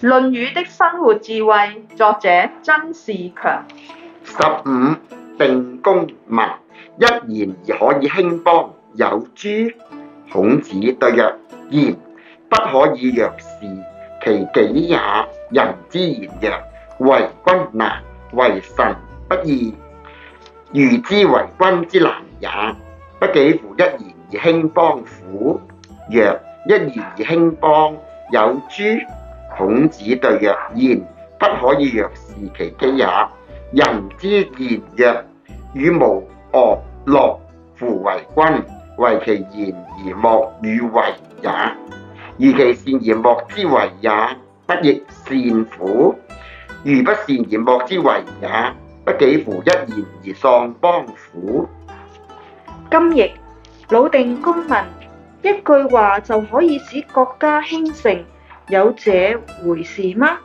《論語》的生活智慧，作者強：曾仕強。十五定公問：「一言而可以興邦有諸？孔子對曰：言不可以若是其幾也。人之言若，為君難，為臣不易。如之為君之難也，不幾乎一言而興邦乎。」曰：一言而興邦有諸？孔子對曰：言不可以若是其幾也。人之言曰：與無惡樂，乎為君，為其言而莫與為也；而其善而莫之為也，不亦善乎？如不善而莫之為也，不幾乎？一言而喪邦乎？今亦老定公問：一句話就可以使國家興盛？有這回事嗎？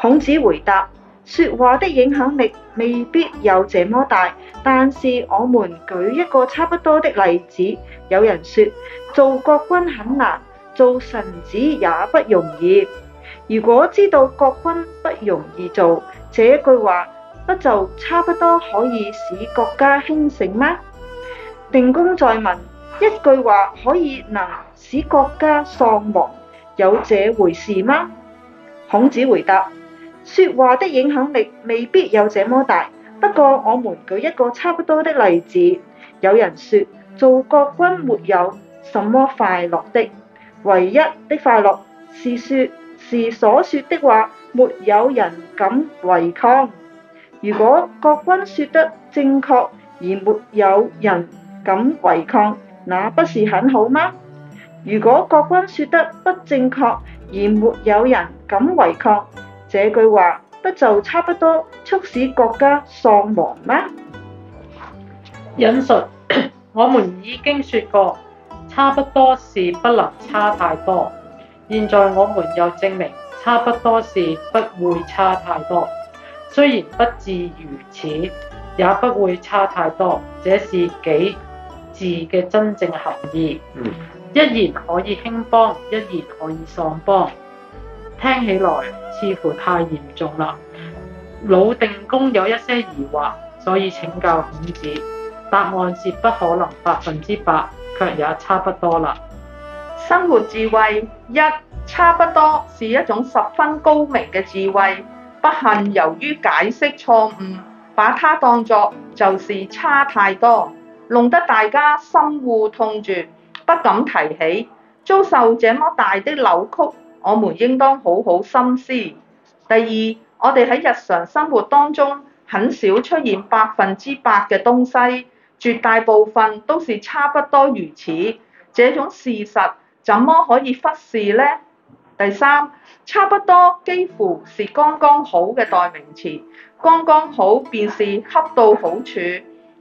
孔子回答：説話的影響力未必有這麼大，但是我們舉一個差不多的例子。有人說做國君很難，做臣子也不容易。如果知道國君不容易做，這句話不就差不多可以使國家興盛嗎？定公再問：一句話可以能使國家喪亡。有這回事嗎？孔子回答：說話的影響力未必有這麼大。不過，我們舉一個差不多的例子。有人說，做國君沒有什麼快樂的，唯一的快樂是説是所說的話，沒有人敢違抗。如果國君説得正確，而沒有人敢違抗，那不是很好嗎？如果國君說得不正確，而沒有人敢違抗，這句話不就差不多促使國家喪亡嗎？引述：我們已經說過，差不多是不能差太多。現在我們又證明，差不多是不會差太多。雖然不至如此，也不會差太多。這是幾字嘅真正含義。嗯。一言可以興邦，一言可以喪邦，聽起來似乎太嚴重啦。魯定公有一些疑惑，所以請教孔子。答案是不可能百分之百，卻也差不多啦。生活智慧一差不多是一種十分高明嘅智慧，不幸由於解釋錯誤，把它當作就是差太多，弄得大家深惡痛絕。不敢提起，遭受這麼大的扭曲，我們應當好好深思。第二，我哋喺日常生活當中很少出現百分之百嘅東西，絕大部分都是差不多如此，這種事實怎麼可以忽視呢？第三，差不多幾乎是剛剛好嘅代名詞，剛剛好便是恰到好處。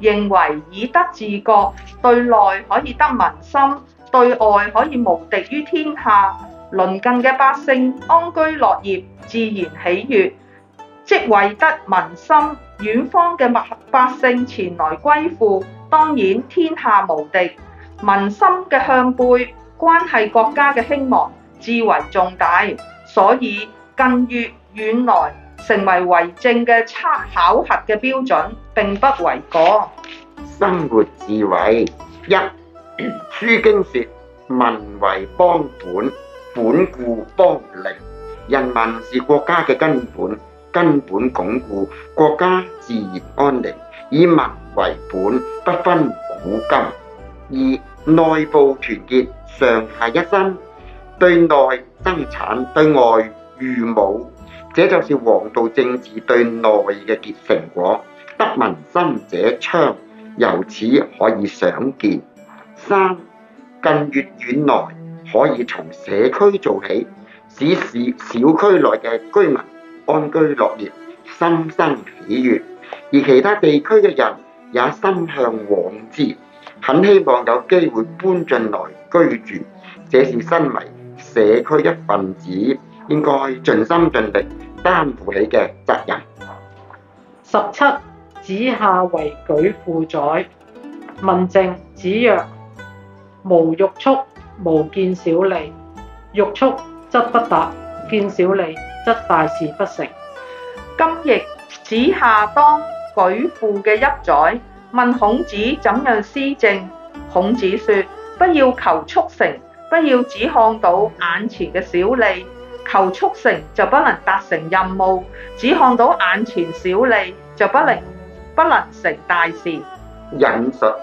認為以德治國，對內可以得民心，對外可以無敵於天下。鄰近嘅百姓安居樂業，自然喜悅，即為得民心。遠方嘅百姓前來歸附，當然天下無敵。民心嘅向背，關係國家嘅興亡，至為重大。所以近悅遠來。成為為政嘅測考核嘅標準，並不為過。生活智慧一，書經說：民為邦本，本固邦寧。人民是國家嘅根本，根本鞏固，國家自然安寧。以民為本，不分古今。二，內部團結，上下一心，對內生產，對外御侮。這就是王道政治對內嘅結成果，得民心者昌，由此可以想見。三近悅遠來，可以從社區做起，使小小區內嘅居民安居樂業，心生喜悦，而其他地區嘅人也心向往之，很希望有機會搬進來居住。這是身為社區一分子，應該盡心盡力。擔負你嘅責任。十七，子夏為莒父宰，問政。子曰：無欲速，無見小利。欲速則不達，見小利則大事不成。今譯子夏當莒父嘅邑宰，問孔子怎樣施政。孔子說：不要求速成，不要只看到眼前嘅小利。求速成就不能達成任務，只看到眼前小利就不能不能成大事。忍術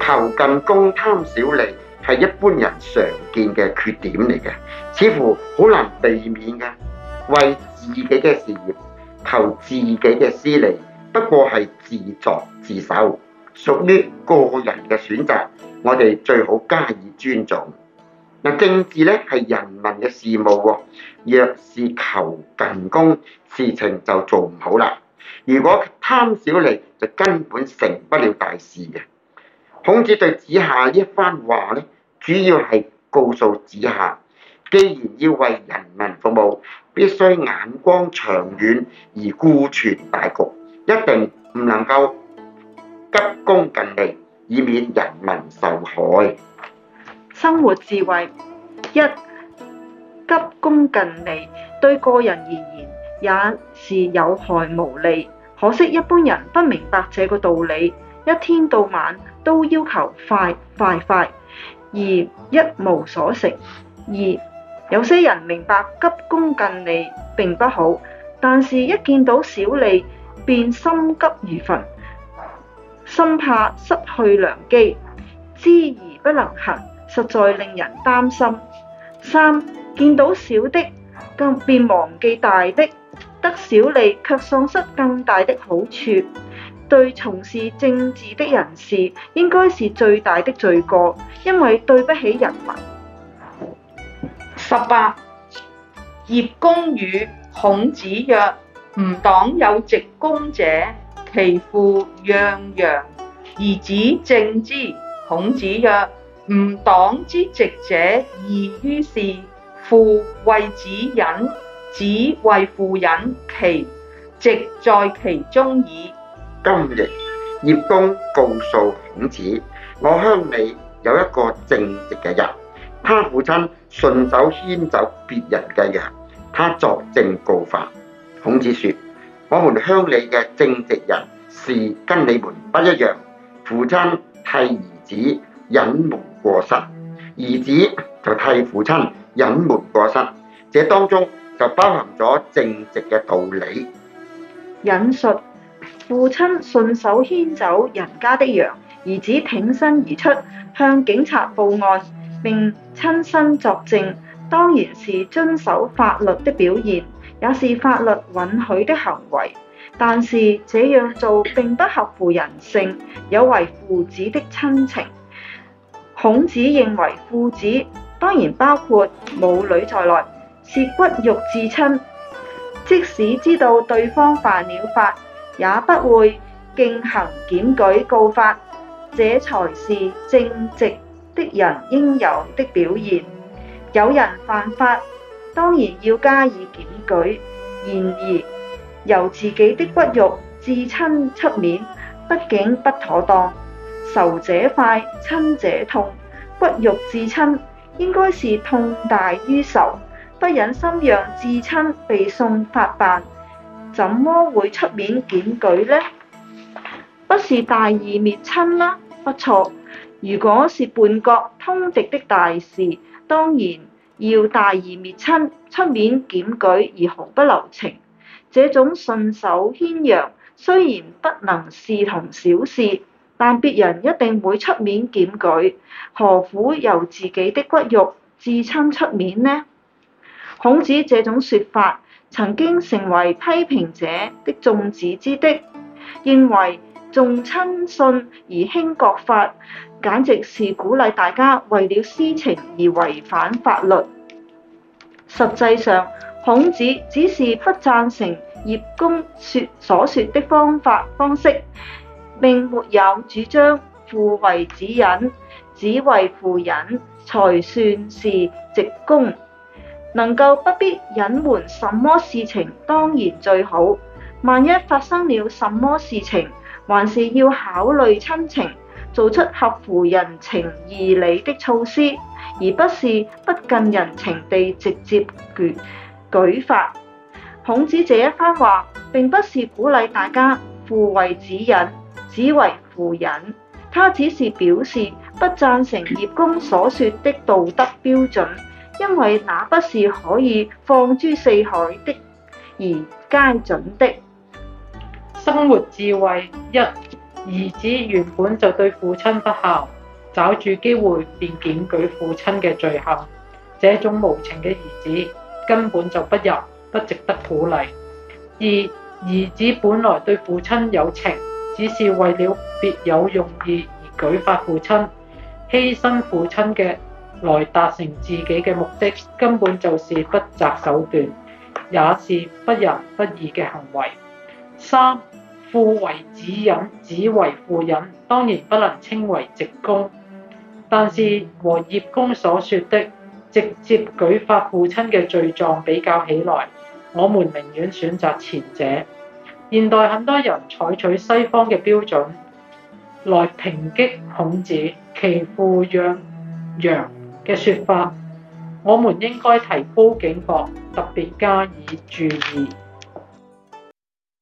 求近功，貪小利，係一般人常見嘅缺點嚟嘅，似乎好難避免嘅。為自己嘅事業求自己嘅私利，不過係自作自受，屬於個人嘅選擇，我哋最好加以尊重。嗱，政治咧係人民嘅事務喎，若是求近功，事情就做唔好啦。如果貪小利，就根本成不了大事嘅。孔子對子夏一番話咧，主要係告訴子夏，既然要為人民服務，必須眼光長遠而顧全大局，一定唔能夠急功近利，以免人民受害。生活智慧一急功近利，對個人而言也是有害無利。可惜一般人不明白這個道理，一天到晚都要求快快快，而一無所成。二有些人明白急功近利並不好，但是一見到小利便心急如焚，生怕失去良機，知而不能行。實在令人擔心。三見到小的，更便忘記大的，得小利卻喪失更大的好處，對從事政治的人士應該是最大的罪過，因為對不起人民。十八，葉公語孔子曰：吾黨有直躬者，其父攘羊，而子證之。孔子曰，吾黨之直者，異於是。父為子隱，子為父隱，其直在其中矣。今日葉公告訴孔子：我鄉里有一個正直嘅人，他父親順手牽走別人嘅羊，他作證告法告發。」孔子說：我們鄉里嘅正直人，是跟你們不一樣。父親替兒子隱瞞。隱瞞過失，兒子就替父親隱瞞過失，這當中就包含咗正直嘅道理。引述：父親順手牽走人家的羊，兒子挺身而出，向警察報案，並親身作證，當然是遵守法律的表現，也是法律允許的行為。但是這樣做並不合乎人性，有違父子的親情。孔子認為父子當然包括母女在內，是骨肉至親，即使知道對方犯了法，也不會徑行檢舉告發，這才是正直的人應有的表現。有人犯法，當然要加以檢舉，然而由自己的骨肉至親出面，畢竟不妥當。仇者快，親者痛，不欲至親，應該是痛大於仇，不忍心讓至親被送法辦，怎麼會出面檢舉呢？不是大義滅親啦，不錯，如果是叛國通敵的大事，當然要大義滅親，出面檢舉而毫不留情。這種順手牽羊，雖然不能視同小事。但別人一定會出面檢舉，何苦由自己的骨肉至親出面呢？孔子這種說法曾經成為批評者的眾矢之的，認為重親信而輕國法，簡直是鼓勵大家為了私情而違反法律。實際上，孔子只是不贊成葉公說所說的方法方式。並沒有主張父為子隱，子為父隱，才算是直躬。能夠不必隱瞞什麼事情，當然最好。萬一發生了什麼事情，還是要考慮親情，做出合乎人情義理的措施，而不是不近人情地直接拒舉發。孔子這一番話，並不是鼓勵大家父為子隱。只為父隱，他只是表示不讚成葉公所說的道德標準，因為那不是可以放諸四海的而皆準的生活智慧。一兒子原本就對父親不孝，抓住機會便檢舉父親嘅罪行，這種無情嘅兒子根本就不仁，不值得鼓勵。二兒子本來對父親有情。只是為了別有用意而舉發父親，犧牲父親嘅，來達成自己嘅目的，根本就是不擇手段，也是不仁不義嘅行為。三、父為子隱，子為父隱，當然不能稱為直公，但是和葉公所說的直接舉發父親嘅罪狀比較起來，我們寧願選擇前者。現代很多人採取西方嘅標準來抨擊孔子其父攘羊嘅說法，我們應該提高警覺，特別加以注意。